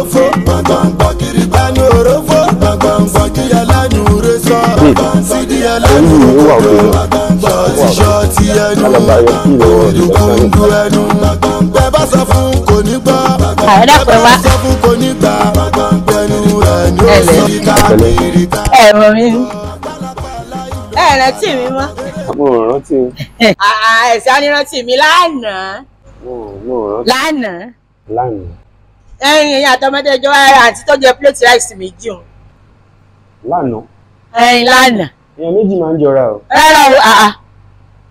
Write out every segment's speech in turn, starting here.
òrófó gbọ̀ngbọ̀ngbọ̀ kiri gbani òrófó gbọ̀ngbọ̀ngbọ̀ kiri ẹlẹ́nu rẹ sọ sídi ẹlẹ́nu rẹ ṣọ́ọ̀tì ṣọ́ọ̀tì ẹnu òdìkúndú ẹnu bẹ bá sọ fún kò ní gbọ́ bẹ bá sọ fún kò ní gbà ẹnu rẹ ni ó sọ ìka ìrìkà. ẹ̀rọ mi ẹ rántí mi mọ́. mo rántí. ẹ̀sán ni rántí mi lánàá. mo rántí. lánàá. lánàá ẹ̀yin ẹ̀yin àtọmọdé ẹjọ́ àti tó jẹ plate rice méjì òun. lánàá. ẹ̀yin lánàá. èèyàn méjì máa ń jọra o. ẹ lọ wo àà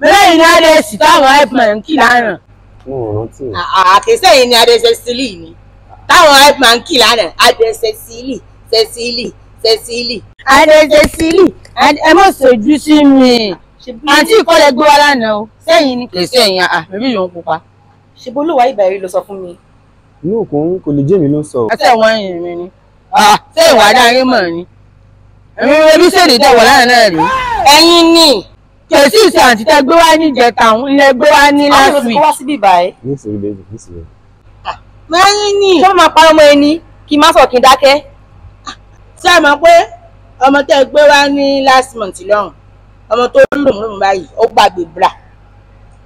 mẹ́rin ní adẹ́sì táwọn helpman kì lánàá. mo ò rántí. àkèsẹ́ yìí ni adẹ́sẹ̀ sílì ni táwọn helpman kì lánàá adẹ́sẹ̀ sílì sẹ́sílì sẹ́sílì. adẹ́sẹ̀ sílì ẹ mọ̀ sojú sí mi àǹtí ìkọ́lẹ̀ gbé wa lánàá o sẹ́yìn ni kèsẹ́ yẹn àà mẹ́rin yòó pupa. ṣe bolówó ayíbáyé ló sọ fún mi inú òkun kò lè jẹ́ mi ló ń sọ. ẹsẹ̀ wọn yìn mí ni ah! ṣé ìwà adarí mọ̀ ni èmi ebi ṣèlè tẹ̀wọ̀ láàrin náà rí ẹ̀yin ni kèsì ìsìn àti tẹ gbé wá ní ìjẹta àwọn ilé gbé wá ní last week. àwọn olùkọ́ ní ìsìnkú bèbè ní ìsìnkú. mẹ́rin ah! ni. ṣé wọ́n máa parọ́ mọ́ ẹni kí n má sọ kí n dákẹ́. Ah! ṣé ẹ mọ̀ pé ọmọ tẹ gbé wá ní last month lọ́hùn ọmọ tó ń lòmù báyìí ó gbàgbé bra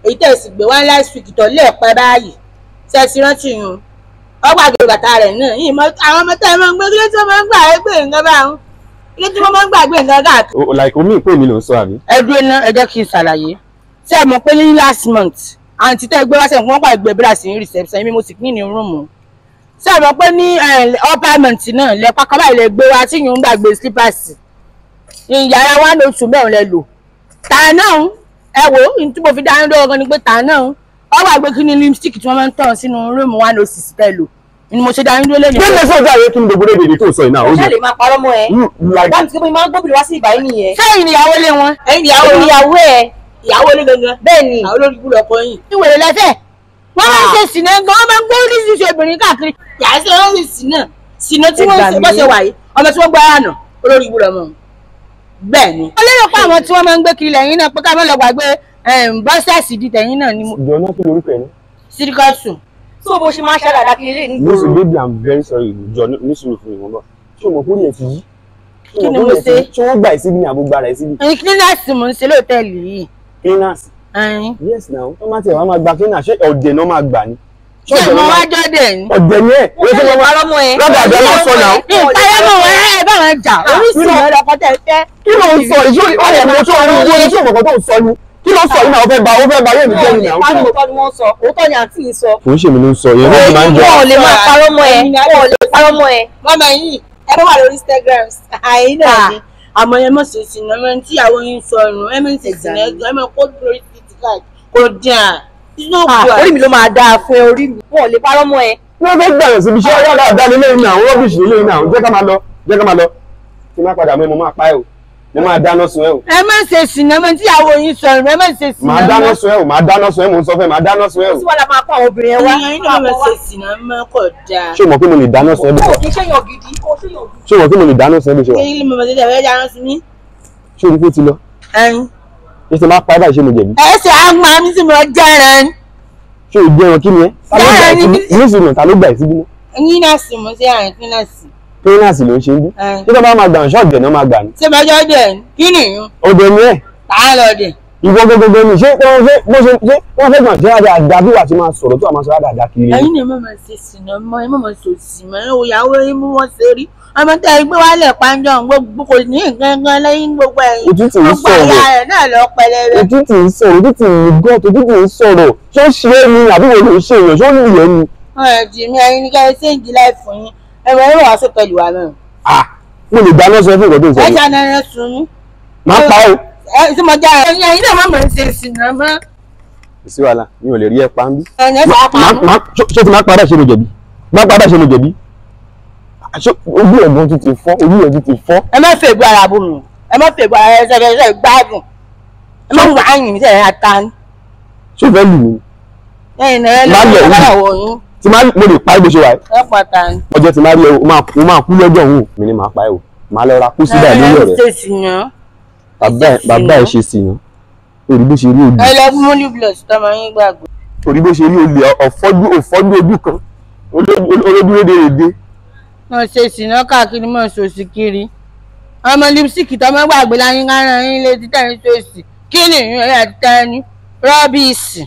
èyí tẹ̀sí gbé wá ní last week tọ́lé ẹ̀pẹ́ báyìí ṣe ti rántí yun ọgbà gbé bàtà rẹ̀ náà yìí mọ àwọn ọmọ tẹ́ ẹ máa ń gbé kílé tí wọ́n máa ń gbà ẹ gbé nǹkan bá wọn kílé tí wọ́n máa ń gbà gbé nǹkan káàkiri. like omi ìpè mi ló ń sọ àmì. ẹ dúró ná ẹ jẹ́ kí n ṣàlàyé ṣé ẹ mọ̀ pé ní last month àǹtí tẹ́ gbé wá sẹ́yìn wọ́n pàgbé bíra sí ní reception èmi mo sì kí ní rúùmù ṣé ẹ mọ̀ pé ní apartment náà lẹ pákó báyìí lẹ gbé wá tí yìí ń gbàgbé slippers ìyàrá one oh two mẹ́rin lẹ lò tà náà ẹ wò ní tí mo fi dáná lọ́wọ́ gan ni pé tà náà ọ wà gbé kí ni lipstick tí wọ́n máa ń tàn sínú rúùmù one oh six tẹ́lò ni mo ṣe dá yín dúró lẹ́yìn. kí ló sọ ọjọ́ àyè kí ni gbogbo èdè tó sọ iná. o ṣe lè máa parọ́ mọ́ ẹ. bá mi ti gbé mi máa ń gbóbìnrin wá sí ìbáyé nìyẹn. sẹ́yìn ìyàwó lé wọn. ẹ̀yin ìyàwó ìyàwó ẹ ìyàwó lé gangan. bẹ́ẹ̀ni àwọn olórí ibùdó ọkọ yìí. ìwèrè lẹfẹ wọn máa ń ṣe sìnà gan wọn máa ń gbó oríṣiríṣi obìnrin káàkiri. yàrá sí wọn ń rìn sìnà sìnà tí wọn ń bọ́ ṣe wà yìí ọmọ tí wọ́n gbọ́ àná olórí ibùdó ọmọ bẹ́ẹ̀ni. ó lérò pé àwọn tí wọ́n máa ń gbé kiri lẹ́yìn náà pé ká má lọ gbàgbé bọ́sẹ̀sì di tẹ̀yìn náà ni mo. ìjọ náà kí lorúkọ ẹ ní. sirikọtù. tó o bó ṣe máa ń ṣàdàdà kiri lè nígboro. lóṣù baby i'm very sorry ìjọ nísòro fún ìwọ̀n náà ṣé o mọ̀ kó ní ẹ̀ ti yí. kí ni mo ṣe. ṣé wọ́n gbà ẹ̀ síbi ní àbúgbà rẹ̀ síbi. ẹni cleaners mo ń ṣe lóòtẹ́ẹ̀lì yìí. cleaners. yes na wọ́n máa tẹ̀ wọ́n máa gba cleaners ṣé ọ̀dẹ̀ náà máa gbà ni ṣé ni. ẹ̀ o ṣe máa rọ́mọ ẹ̀. lọ́dọ̀ àbẹ̀ máa sọ náà. ìpayẹ́ mọ̀ wọ́n ẹ̀ bá wọn jà. Ah, oríṣiríṣi ọ̀rọ̀ kọ́tẹ́ fẹ́. kí ló ń sọ ìṣòro ọ̀rọ̀ mi tó ń wọ́n ní ṣòro kọ́tọ́ ń sọ ni kí ló sọ iná ọfẹ bá ọfẹ bá yóò ní jẹ ìyàwó. wọn ní kọ́ ni wọ́n sọ òótọ́ ni àǹtí yìí sọ. kò ló ń sọ yẹn ló máa ń jọ. wọn ò lè máa parọ́ mọ́ ẹ wọn ò lè parọ́ mọ́ ẹ. mọ́mọ yìí ẹ bá wà lórí Instagram àyìn náà ah. ni àmọ́ ẹ mọ̀ sí ìsìnà mẹ́rin tí ìyàwó yín sọ ọ̀run ẹ mẹ́rin sí ẹ̀gbọ́n ẹ kó lórí títí láì kò dín ah, orí mi ló máa dáa fún ẹ orí mi wọn ò lè parọ́ mọ́ ẹ. wọ́n fẹ́ gbẹ̀rẹ̀ síbi ẹ máa dáná sun ẹ o. ẹ má ṣe sìnà mọ tí ìyàwó yín sọ ẹrù ẹ má ṣe sìnà mọ. màá dáná sun ẹ o màá dáná sun ẹ mò ń sọ fẹ màá dáná sun ẹ o. síwájú máa kọ àwọn obìnrin ẹ wá. ìyẹn náà mo ṣe sìnà mọ kò dáa. ṣé o mọ̀ pé mo lè dáná sun ẹ bó ṣe wà. ṣé o mọ̀ pé mo lè dáná sun ẹ bó ṣe wà. ṣé ilé mọ̀mọ́ tẹ́lẹ̀ ẹ dáná sun mí. ṣé o rí pé ó ti lọ. ẹyin. ṣé ti máa pa ẹ báyìí ṣé mo jẹ̀bi. ẹ ṣe á máa ní ṣé o jẹ́ wọn kí ni ẹ. ta ló gbà ẹ síbí náà. ẹyin náà sì mo ṣe cleaners ló ń ṣe ń bí eh. nígbà bá máa gbà ń ṣọ́ọ̀dẹ̀ náà máa gbà ní. ṣé bàjọ́ dẹ̀ kí nìyún. òde ni ẹ̀. tá a lọ dẹ̀. ìwọ gbogbo ni ṣé wọ́n fẹ́ bó ṣe ṣé wọ́n fẹ́ gbọ̀n ṣé àdá bí wàá ti máa sọ̀rọ̀ tó àmọ́ sọ àdá àdá kiri. ẹ̀yin ni mo máa ṣe sìnà mọ ẹ mọ mọ sọ òyàwó yín mú wọn ṣe rí ọmọ tẹ ẹgbẹ́ wálẹ̀ pàǹjọ gbogbo kò ní gangan lẹ́yìn gbogbo ẹ̀yìn òtútù ń sọ̀rọ̀ gbogbo ara rẹ̀ náà lọ pẹlẹbẹ. ń sọ̀rọ̀ òtútù ń ń sọ̀rọ̀ ṣó ṣe é ni àbí wo ló ń ṣe èèyàn ṣó ń lù ẹ́ ni. ọ̀rọ̀ jì mí ẹyin ní kẹ́hìn ṣéǹjì láì fún yín ẹ̀rọ ẹ̀rọ wá sí pẹ̀lú wa náà. à mo lè dáná sọ fún ìgbọ́dọ̀ ìṣẹ́yìn. ẹja náírà sùn mí. máa pa o. ẹ ṣé mo já ẹ ẹyin náà má mọ̀ ṣe sí náà mọ́. kò sí wàhálà mi ò lè rí ẹ pa ń bí. ẹ̀yẹ́ sọ pa mọ́. ṣé o ti máa padà ṣe mo jẹ̀bi máa padà ṣe mo jẹ̀bi ojú ẹ̀gbọ́n ti ti fọ́ ojú ẹ̀ ti ti fọ́. ẹ má fẹ́ ìbú ara bò mí ẹ má fẹ́ ìbú ara ẹ sẹ́fẹ́ sẹ́fẹ́ gbádùn ẹ má wàá yìn mí sẹ́fẹ́ o fẹ́ lù mí. ẹ̀yin tí máa mo lè pa ẹ́ bó ṣe wà ẹ́. lọ́pàtà ni. ọjọ́ tí máa o máa kú lọ́jọ́ òun mi ni màá pa ẹ o màá lọ ra kú síbẹ̀ lórí ọ̀rẹ́. bàbá ẹ ṣe sí yan orí bó ṣe rí olè. ẹ lọ fún mọ́lì blood tó máa ń gbàgbọ́. orí bó ṣe rí olè ọ̀fọ́jú ọ̀fọ́jú ojú kan olójú rédè rédè. mo ṣe ìsìná káàkiri mo ṣòṣì kiri ọmọ lipsiki tó máa gbàgbé láyín kára yín lé títẹ̀ ní ṣòṣì kí nìyí ọ̀rẹ́ àti tẹ́ni rọ́bìsì.